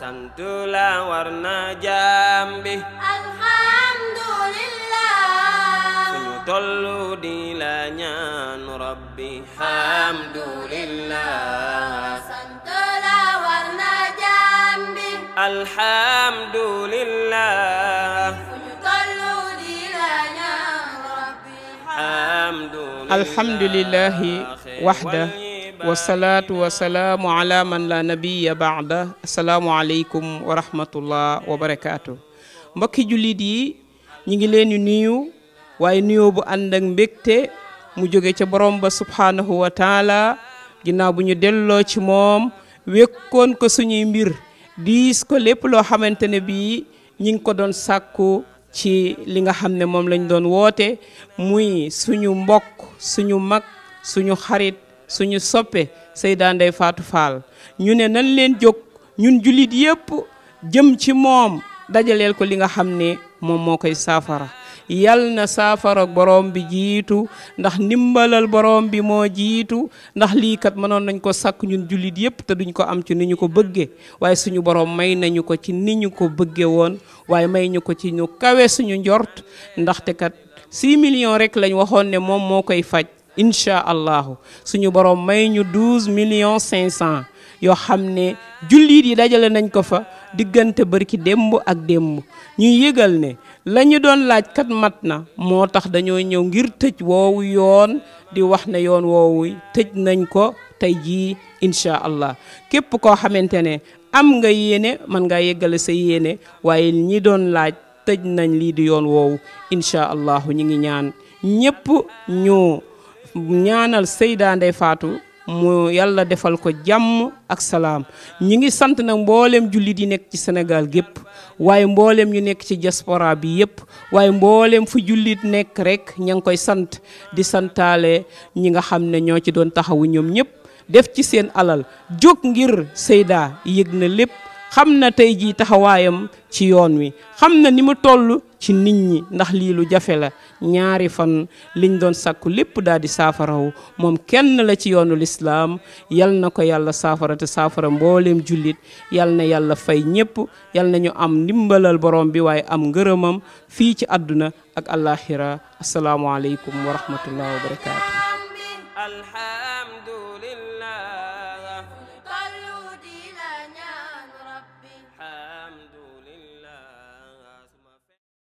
santula war na jambi alhamdulillah suñu tollu di la ñaan rabbi alhamdulillah santula war na jambi alhamdulillah alhamdulillahi waxda wasalaatu wasalaamu ala man la nabiya baada asalaamualeykum wa rahmatullah wa barakaatu mbokki jullit yi ñi ngi leen di nuyu waaye nuyoo bu ànd mbégte mu jóge ca borom ba subhaanahu wa taala ginnaaw bu ñu delloo ci moom wékkoon ko suñuy mbir diis ko lépp loo xamante ne bii ñi ngi ko doon sàkku ci li nga xam ne moom lañ doon woote muy suñu mbokk suñu mag suñu xarit suñu soppee Seyda Ndeye Fatou Fall ñu ne nan leen jog ñun julit yépp jëm ci moom dajaleel ko li nga xam ne moom moo koy saafara yal na saafara borom bi jiitu ndax ndimbalal borom bi moo jiitu ndax lii kat mënoon nañ ko sakk ñun julit yépp te duñ ko am ci nu ñu ko bëggee waaye suñu borom may nañu ko ci ni ñu ko bëggee woon waaye may ñu ko ci ñu kawe suñu njort ndaxte kat 6 million rek lañ waxoon ne moom moo koy faj incha allahu suñu borom may ñu douze millions cinq cent yoo xam ne julliit yi dajale nañ ko fa diggante bërki démb ak démb ñuy yëgal ne la ñu doon laaj kat mat na moo tax dañoo ñëw ngir tëj woowu yoon di wax ne yoon woowu tëj nañ ko tey jii incha képp koo xamante ne am nga yéene mën nga yëggale sa yéene waaye ñi doon laaj tëj nañ lii di yoon woowu incha allahu ñi ngi ñaan ñépp ñu ñaanal Seyda Ndeye Fatou mu yàlla defal ko jàmm ak salaam ñi ngi sant nag mbooleem jullit yi nekk ci Sénégal gépp waaye mbooleem yi nekk ci diaspora bi yëpp waaye mbooleem fu jullit nekk rek ña ngi koy sant di santaale ñi nga xam ne ñoo ci doon taxawu ñoom ñëpp def ci seen alal jóg ngir seydaa yëg na lépp xam na tey jii taxawaayam ci yoon wi xam na ni mu toll ci nit ñi ndax lii lu jafe la ñaari fan liñ doon sàkku lépp daal di saafarawu moom kenn la ci yoonu lislaam yal na ko yàlla saafara te saafara mbooleem jullit yal na yàlla fay ñépp yal na ñu am ndimbalal borom bi waaye am ngërëmam fii ci àdduna ak àllaaxira asalaamualeykum wa rahmatullahi wa barakaatu.